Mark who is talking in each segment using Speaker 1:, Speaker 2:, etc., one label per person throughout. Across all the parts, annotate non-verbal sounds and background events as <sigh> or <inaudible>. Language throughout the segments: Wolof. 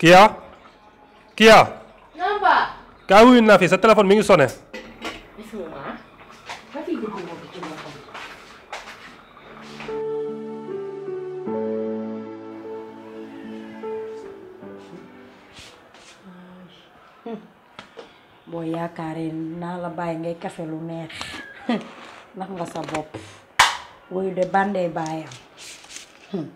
Speaker 1: Kia Kia Namba Kau wuyu nafis? fi sa téléphone mi ngi sonné
Speaker 2: boo yaakaaree naa la bàyyi ngay kafe lu <laughs> neex ndax nga sa bopp wuyu de bàndee baayam hmm.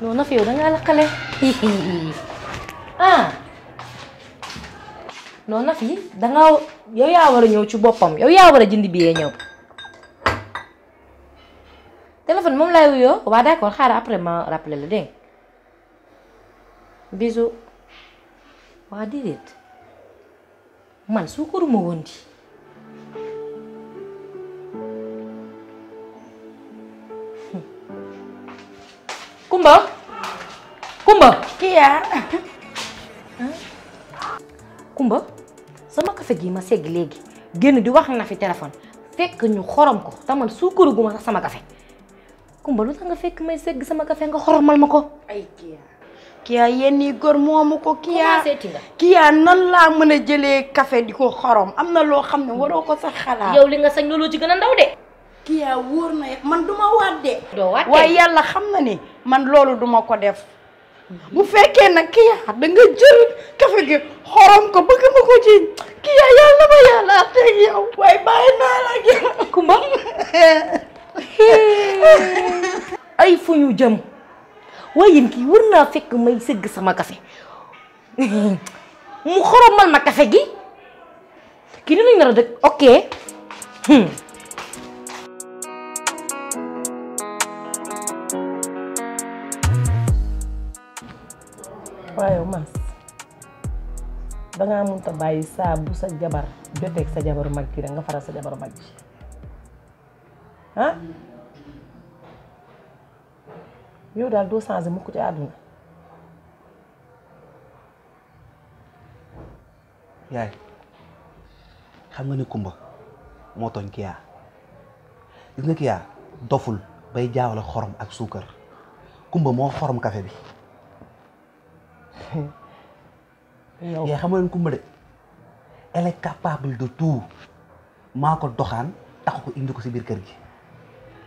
Speaker 2: noonu fi yow da ngaa lakkale ah noonu fi da ngaa yow yaa war a ñëw ci boppam yow yaa war a jënd billet ñëw téléphone moom laay wuyoo waa d'accord xaaral après ma rappelé la dégg bisu waa déedéet man suukaruma woon Kumbang, kumbang, Iya. Kumba sama kafe gi ma segg léegi génn di wax na fi téléphone Fek ñu xorom ko te man sama kafe, kumbang lu tangga fek may sama kafe nga xoromal mako. ay kiya kiya yenn gor mo moomu ko kiya kiya nan la meuna jele kafe diko xorom Amna lo xamne waro ko sax xala. yow li nga sañ looloo ci gëna ndaw de. kiya man duma wadde. de. doo waat man loolu duma ko def bu fekkee nag kii yaa da jël kafe gi xorom ko bëgg ma ko ci kii yaa yàlla ma yàlla teg yow waaye bàyyi naa la ak yow <laughs> ay fu ñu jëm waaye yéen kii war naa fekk may sëgg sama kafe mu xoromal ma kafe gi ki ni nañ nar a dëkk ok hmm.
Speaker 3: paa Mas, maas dangaa mënta bàyyi saa bu sa jabar joteeg sa jabaru mag ji da nga faral sa jabaru mag ji ah yow ya daal doo changé mukk ci àdduna
Speaker 1: yaay xam nga ni kumba moo tooñ kiyaa gis nga doful bay jaawale xorom ak suukar kumba mau xorom café bi <laughs> Ya xamoon ya, kumba de elle est capable de tout mako doxane doxaan ko indi ko ci bir keur gi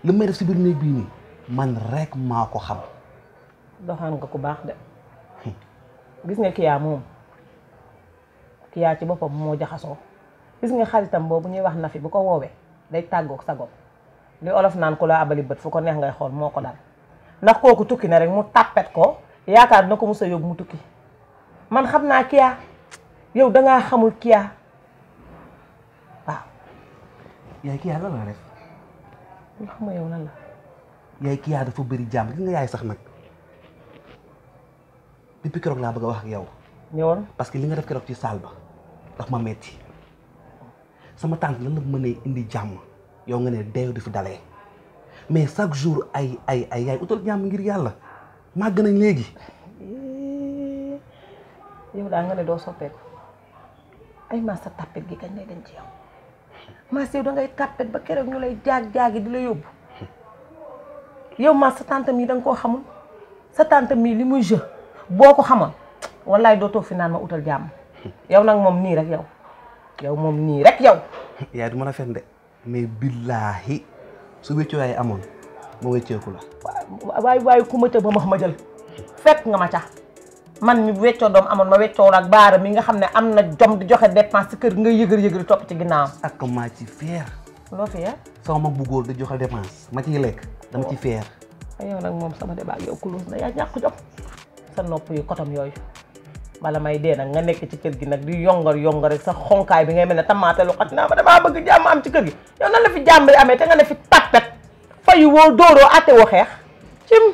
Speaker 1: li may def si biir néeg bii nii man rek mako xam
Speaker 3: doxane nga ku bax de gis nga kiya mom kiya ci bopam mo jaxaso gis nga xaritam boobu ñuy wax nafi bu ko wowe day sa li olof nan ko la abali beut fu ko neex ngay xol moko dal nak koku tukki na rek mu tapet ko yaakaar na ko mos a yóbbu mu tukki man xam naa kiyaa yow dangaa xamul kiyaa
Speaker 1: waaw. yaay kiya lan la def.
Speaker 3: yoo xam nga yow lan la.
Speaker 1: yaay dafa bëri jàmm gis nga yaay sax nag depuis keroog laa bëgg a wax ak yow. ñëwoon parce que li nga def keroog ci saal ba daf ma metti sama tante lan la mënee indi jàmm yow nga ne deew di fi dalee mais chaque jour ay ay ay yaay utal ngir yàlla. màgg nañ léegi. yow daa nga ne doo soppeeku
Speaker 3: ay maas sa tàppet gi kañ lay dañ ci yow maas yow da ngay ba keroog ñu lay jaag jaagi di la yóbbu yow maas sa tàntam yi da koo xamul sa tàntam yi li muy jeu boo ko xamal wallaay doo toog fi naan ma utal jàmm yow nag moom nii rek yow
Speaker 1: yow moom nii rek yow. <laughs> yaay du ma la fen de mais billaahi su wéccuwaay amoon. mu wécceeku la.
Speaker 3: waaye waaye ku ma ca ba ma ma jël fekk nga ma ca man mi weccoo doom amoon ma weccoo ak baara mi nga xam ne am na
Speaker 1: jom di joxe dépense ci kër nga yëgër yëgër topp ci ginnaawam. ak maa ci feer. loo sama mag bu góor di ma ciy lekk dama ci feer.
Speaker 3: yow nag moom sama débat yow kulóos na yaa ñàkk jom sa nopp yi kotam yooyu bala may dee nag nga nekk ci kër gi nag di yongar yongar sa xonkaay bi ngay mel ne tamaate lu xat naa ma damaa bëgg jàmm am ci kër gi yow nan la fi jàmm amee te nga ne fi tapet. fayu woo dóoroo àtte woo xeex cim